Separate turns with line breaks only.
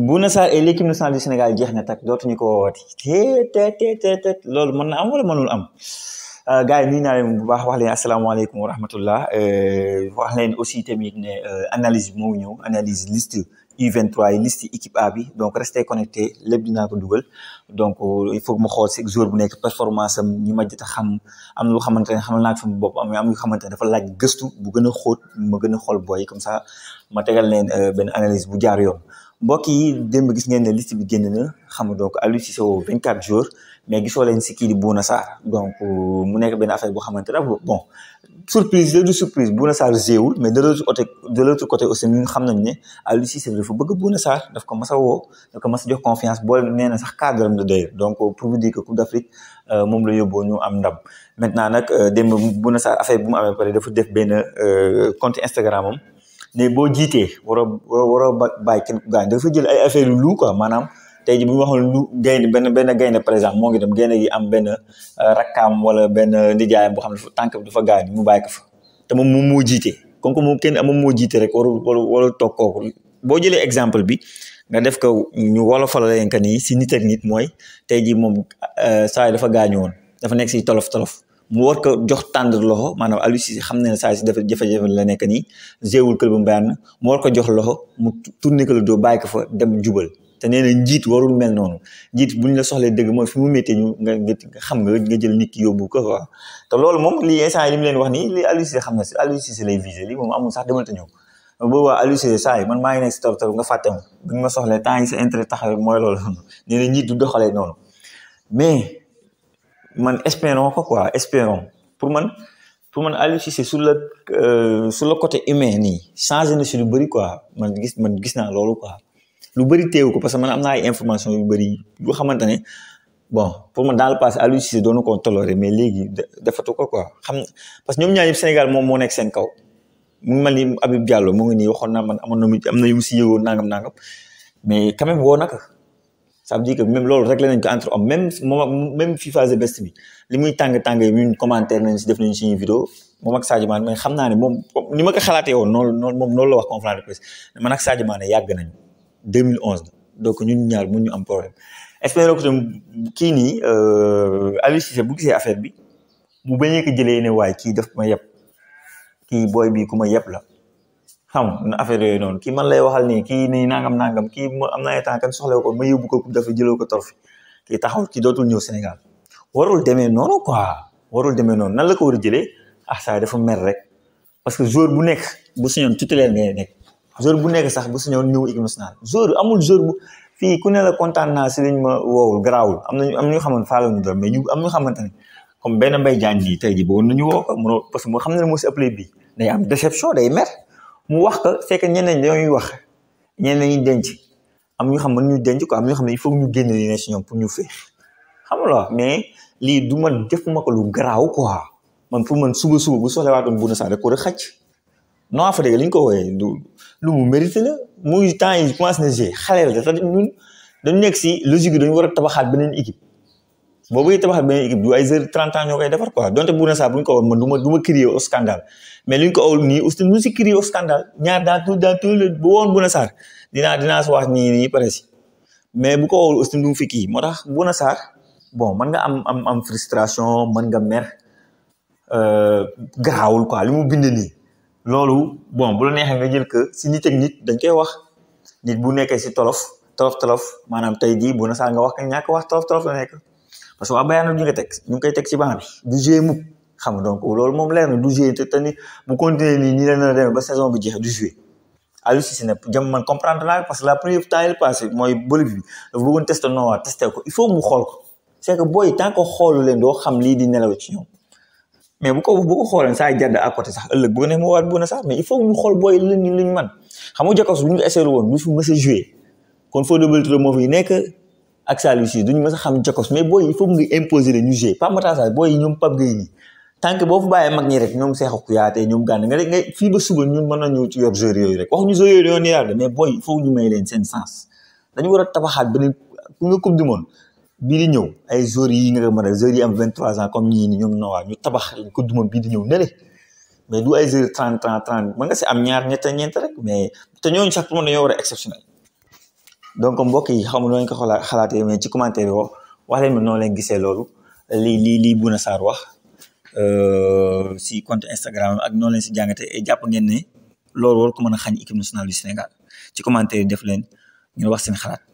Bouna sa et eh, l'équipe nationale du Sénégal jeex na tak dootuñu ko woowati té té té té loolu mën na am wala mënul am euh, gars yi nuyu naa leen bu baax wax leen asalaamaaleykum wa rahmatullah euh, wax leen aussi tamit né euh, analyse mo moo analyse liste U23 et liste équipe A bi donc restez connecté lépp dina ko duggal donc il faut que ma xool si jour bu nek performance am ñi ma jot xam am lu xamante ne xamal naa ko sama bopp am am yu xamante dafa laaj gëstu bu gëna xoot ma gëna xol boy comme ça ma tégal leen ben analyse bu jaar yoon. mbokk yi démb gis ngeen ne liste bi génn na xam nga donc Aliou Cissé woo 24 jours mais gisoo leen si kii di Bouna Sarr donc euh, mu nekk benn affaire boo xamante ne ah, bon surprise la du surprise Bouna Sarr jéewul mais de l'autre côté de l'autre côté aussi nañ ne Aliou Cissé dafa bëgg Bouna Sarr daf ko mas a woo daf ko mas jox confiance boo nee na sax cadre am la d'ailleurs donc euh, pour vous dire que d'Afrique euh, moom la yóbboo ñu am ndam maintenant nag démb Bouna Sarr affaire bu mu amee pare dafa def benn compte Instagram am ne boo jiitee wara waroo bàyyi kenn gaañ dafa jël ay affaire yu lu quoi maanaam te ji bu ñu waxoon lu gaynde benn benn gaynde par moo ngi dem gaynde gi am benn euh, rakkaam wala benn nijaayam boo xam ne tànk bi dafa gaañ mu bàyyi fa te moom moom moo jiite comme que moom kenn moom moo jiite rek waru waru waru toog kooku boo jëlee exemple bi nga def ko ñu wolofal leen que nii si nit ak nit mooy tey ji moom euh, saa dafa gaañu woon dafa nekk si tolof tolof mu war ko jox tendre loxo maanaam Aliou Cissé xam ne ne saa si dafa jafe-jafe la nekk nii jéewul kël bu Bayern mu war ko jox loxo mu tourné ko le dos bàyyi ko fa dem jubal te nee na njiit warul mel noonu njiit bu ñu la soxlee dëgg mooy fi mu méttee ñu xam nga nga jël nit ki yóbbu ko loolu moom lii instant yi li leen wax nii lii Aliou Cissé xam na si Aliou Cissé lay visé lii moom amul sax demal te ñëw boobaa Aliou Cissé saa man maa nekk si tor tor nga fàtte ma bu ñu ma soxlee temps yi sa intérêt mooy loolu nee na njiit du doxalee noonu mais man espérons ko quoi espérons pour man pour man Aliou Cissé sur le euh, sur la côté humain nii changé na si lu bëri quoi man gis man gis naa loolu quoi lu bëri teewu ko parce que man am naa ay information yu bëri yu xamante ne bon pour man dans le passé Aliou Cissé doonu ko toléré mais léegi defatu ko quoi xam parce que ñoom ñaar Sénégal moom moo nekk seen kaw mu ngi mel ni Habib Diallo mu ngi nii waxoon naa man amoon na am na yu mu si yëgoon nangam nangam mais quand même ça veut dire que même loolu réglé nañ ko entre hommes même même FIFA The Best bi limuy tang tàng tàng yi ñun commentaire nañ ci def nañ ci vidéo mom ak Sadio Mané mais xamna né mom moom ni ma ko xalaté won non noonu moom la wax conférence de presse man ak Sadio Mané yàgg nañ 2011 donc ñun ñaar mun ñu am problème. espérons que kii nii euh, Aliou Cissé bu gisee affaire bi mu bañé ko jëlé ne way ki def ma yeb ki boy bi kuma yeb la. xam nga affaire yooyu noonu kii man lay waxal nii kii nii nangam nangam kii am na ay temps kan soxla ko ma yóbbu ko coupe dafa jëloo ko trophée taxaw ci dootul ñëw Sénégal warul demee noonu quoi warul demee noonu nan la ko war a jëlee ah saa dafa mer rek parce que joueur bu nekk bu suñoon titulaire ngay nekk joueur nekk sax bu suñoon ñëw équipe nationale joueur amul joueur bu fii ku ne kontaan naa si liñ ma woowul garaawul am nañu am ñu xamante faala ñu mais ñu am ñu xamante ne comme benn mbay jaan ji tey ji bëggoon nañu woo ko mënoo parce que moo xam ne moo si appelé bi day am déception day mer mu wax ko c'est que ñeneen dañuy wax ñeneen ñi denc am ñu xam mën ñu denc ko am ñu xam ne il faut ñu génne li ne si ñoom pour ñu feex xam nga mais lii du ma def ma ko lu garaaw quoi man pour man suba suba bu soxla waatoon bu na sax rek ko rek xaj non fa dëgg li ñu ko wooyee du lu mu mérité la muy temps yi commencé na g xale la dafa ñun dañu nekk si logique dañu war a tabaxaat beneen équipe boobu itam wax mais équipe du ay heures trente ans ñoo koy defar quoi donte bu ne saa bu ñu ko woon man du ma du ma crier au scandale mais li ñu ko awul nii aussi nu si crier au scandale ñaar dans tout dans tout le bu woon bu ne saa dinaa dinaa si wax nii nii pare mais bu ko awul aussi du fi kii moo bu ne saa bon man nga am am am frustration man nga mer garaawul quoi li mu bind nii loolu bon bu la neexee nga jël que si nit ak nit dañ koy wax nit bu nekkee si tolof tolof tolof maanaam tey jii bu ne saa nga wax ñàkk wax tolof tolof la nekk parce que waa ñu ngi tek ñu ngi koy teg ci banc bi du jouer mukk xam donc loolu mom leer na du jouer te tamit bu continuer nii nii la na demee ba saison bi jeex du jouer Aliou Cissé ne jëm man comprendre la parce que la première temps il passé moy Bolivie bi dafa test no wa testé ko il faut mu xol ko c'est que boy tant que xoolu leen do xam li di nelaw ci ñom mais bu ko bu ko xol sa jadd à côté sax ëllëg bu ne mu waat bu ne sax mais il faut mu xol boy luñ luñ man xam nga Jokalante bu ñu ko essayé woon du fi mës a jouer kon Fodé Ballo-Touré mo fi nekk. ak Saliou Ciss duñu mës a xam Jokos mais booy il faut nga imposer leen ñu jouer Pape Matar Sarr booy ñoom Pape Gueye nii tant boo fa bàyyee ñi rek ñoom Cheikhou Kouyaté ñoom Gana nga rek nga fii ba suba ñun mën nañu ci yor joueurs yooyu a tabaxaat beneen ku nga bii di ñëw ay joueurs yi am ñu tabax coupe du monde bii di ñëw nele mais du ay joueurs 30 ans 30 mën nga si ñaar ñett ñeent rek mais te ñooñu sax pour man dañoo war a exceptionnel donc mbokk yi xam nañ ko xalaat xalaat ci commentaire wo wax leen noonu leen gisee loolu li li li buna saar wax si compte instagram ak noonu leen si jàngate et jàpp ngeen ne loolu war ko mën a xañ équipe nationale du sénégal ci commentaire def leen ngeen wax seen xalaat